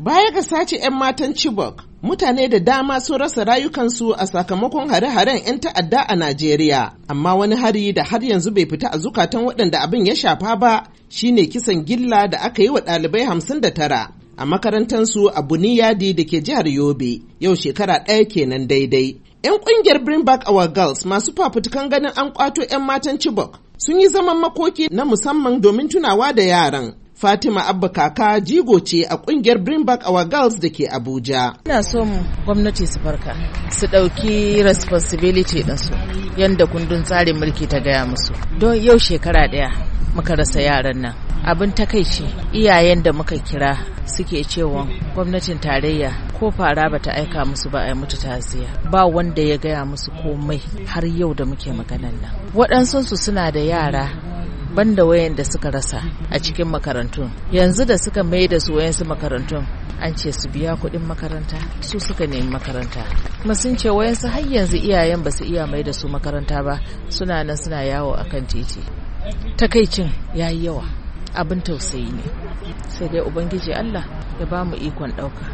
Baya ga sace 'yan matan Chibok, mutane da dama sun rasa rayukansu a sakamakon hare-haren 'yan ta'adda a Najeriya. Amma wani hari da har yanzu bai fita a zukatan waɗanda abin ya shafa ba shine kisan gilla da aka yi wa ɗalibai hamsin da tara. a makarantarsu a Buniyadi da ke jihar Yobe yau shekara ɗaya kenan daidai. 'Yan ƙungiyar Bring Back Our Girls masu fafutukan ganin an ƙwato 'yan matan Chibok sun yi zaman makoki na musamman domin tunawa da yaran. Fatima Abba Kaka jigo ce a kungiyar Bring Back Our Girls da ke Abuja. Ina so mu gwamnati su farka su ɗauki responsibility ɗinsu yadda kundin tsarin mulki ta gaya musu. Don yau shekara ɗaya muka rasa yaran nan. Abin takaici iyayen da muka kira suke cewa gwamnatin tarayya ko fara ba ta aika musu ba a mutu taziya ba wanda ya gaya musu komai har yau da muke maganan nan. Waɗansu suna da yara banda wayan da suka rasa a cikin makarantun yanzu da suka mai da su wayansu makarantun an ce su biya kuɗin makaranta su suka nemi makaranta kuma sun ce wayansu har yanzu iyayen ba su iya mai da su makaranta ba suna nan suna yawo a kan titi takaicin ya yi yawa abin tausayi ne sai dai ubangiji allah ya ba mu ikon ɗauka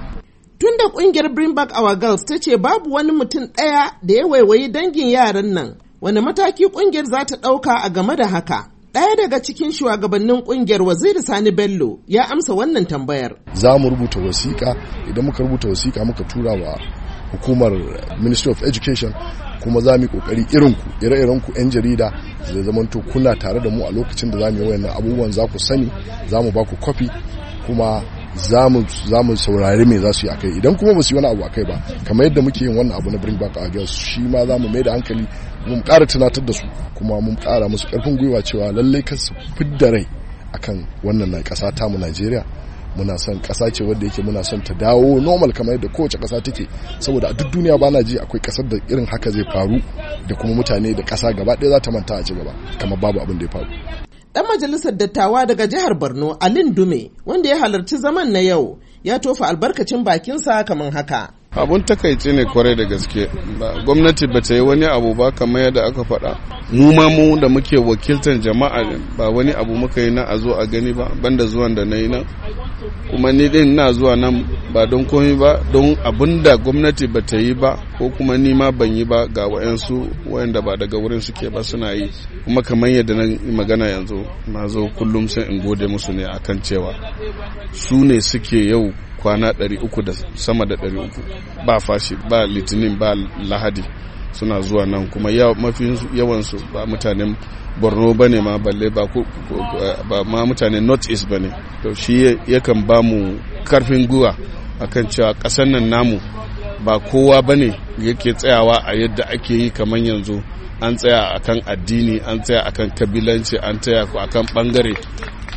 Tunda da kungiyar Bring Back Our Girls ta ce babu wani mutum ɗaya da ya waiwayi dangin yaran nan, wani mataki kungiyar za ta ɗauka a game da haka? Ɗaya daga cikin shugabannin ƙungiyar Waziri Sani Bello ya amsa wannan tambayar. Za mu rubuta wasiƙa idan muka rubuta wasiƙa muka tura wa hukumar Ministry of Education kuma za mu kokari irin ku ire iren ku 'yan jarida zama zamanto kuna tare da mu a lokacin da za mu yi wayannan abubuwan za ku sani za mu ba ku kwafi kuma za mu saurari me za su yi akai idan kuma ba su yi wani abu akai ba kamar yadda muke yin wannan abu na bring back our girls shi ma za mu mai da hankali mun kara tunatar da su kuma mun kara musu ƙarfin gwiwa cewa lallai kan su fidda rai akan wannan na ta tamu Najeriya muna son ƙasa ce wadda yake muna son ta dawo normal kamar yadda kowace kasa take saboda a duk duniya ba na ji akwai kasar da irin haka zai faru da kuma mutane da ƙasa gaba ɗaya za ta manta a ci gaba kamar babu abin da ya faru Ɗan majalisar dattawa daga jihar Borno, Alin Dume, wanda ya halarci zaman na yau, ya tofa albarkacin bakinsa kamar haka. abun takaice ne kwarai da gaske gwamnati ba ta yi wani abu ba kamar yadda aka faɗa mu ma mu da muke wakiltar jama'a ba wani abu muka yi na a zo a gani ba banda zuwan da na yi nan kuma ni din na zuwa nan ba don komai ba don abun da gwamnati ba ta yi ba ko kuma ni ma ban yi ba ga wayansu wayanda ba daga wurin suke ba suna yi kuma kamar yadda na magana yanzu na zo kullum sai in gode musu ne akan cewa su ne suke yau kwana 300 da sama da 300 ba fashi ba litinin ba lahadi suna zuwa nan kuma mafi yawansu ba mutanen borno ba ne ma balle ba ma mutanen north east ba ne to shi yakan ba mu karfin guwa akan cewa ƙasar nan namu ba kowa ba ne yake tsayawa a yadda ake yi kamar yanzu an tsaya akan addini an tsaya akan kabilanci an tsaya akan bangare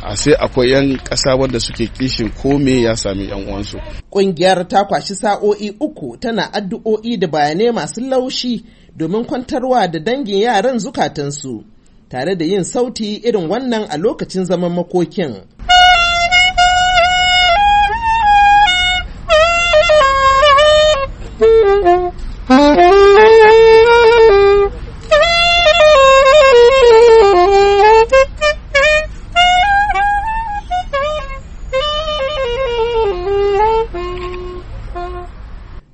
a sai akwai 'yan ƙasa wanda suke kishin ko me ya sami 'yan uwansu. Ƙungiyar ta kwashi sa'o'i uku tana addu'o'i da bayanai masu laushi domin kwantarwa da dangin yaran zukatansu tare da yin sauti irin wannan a lokacin zaman makokin.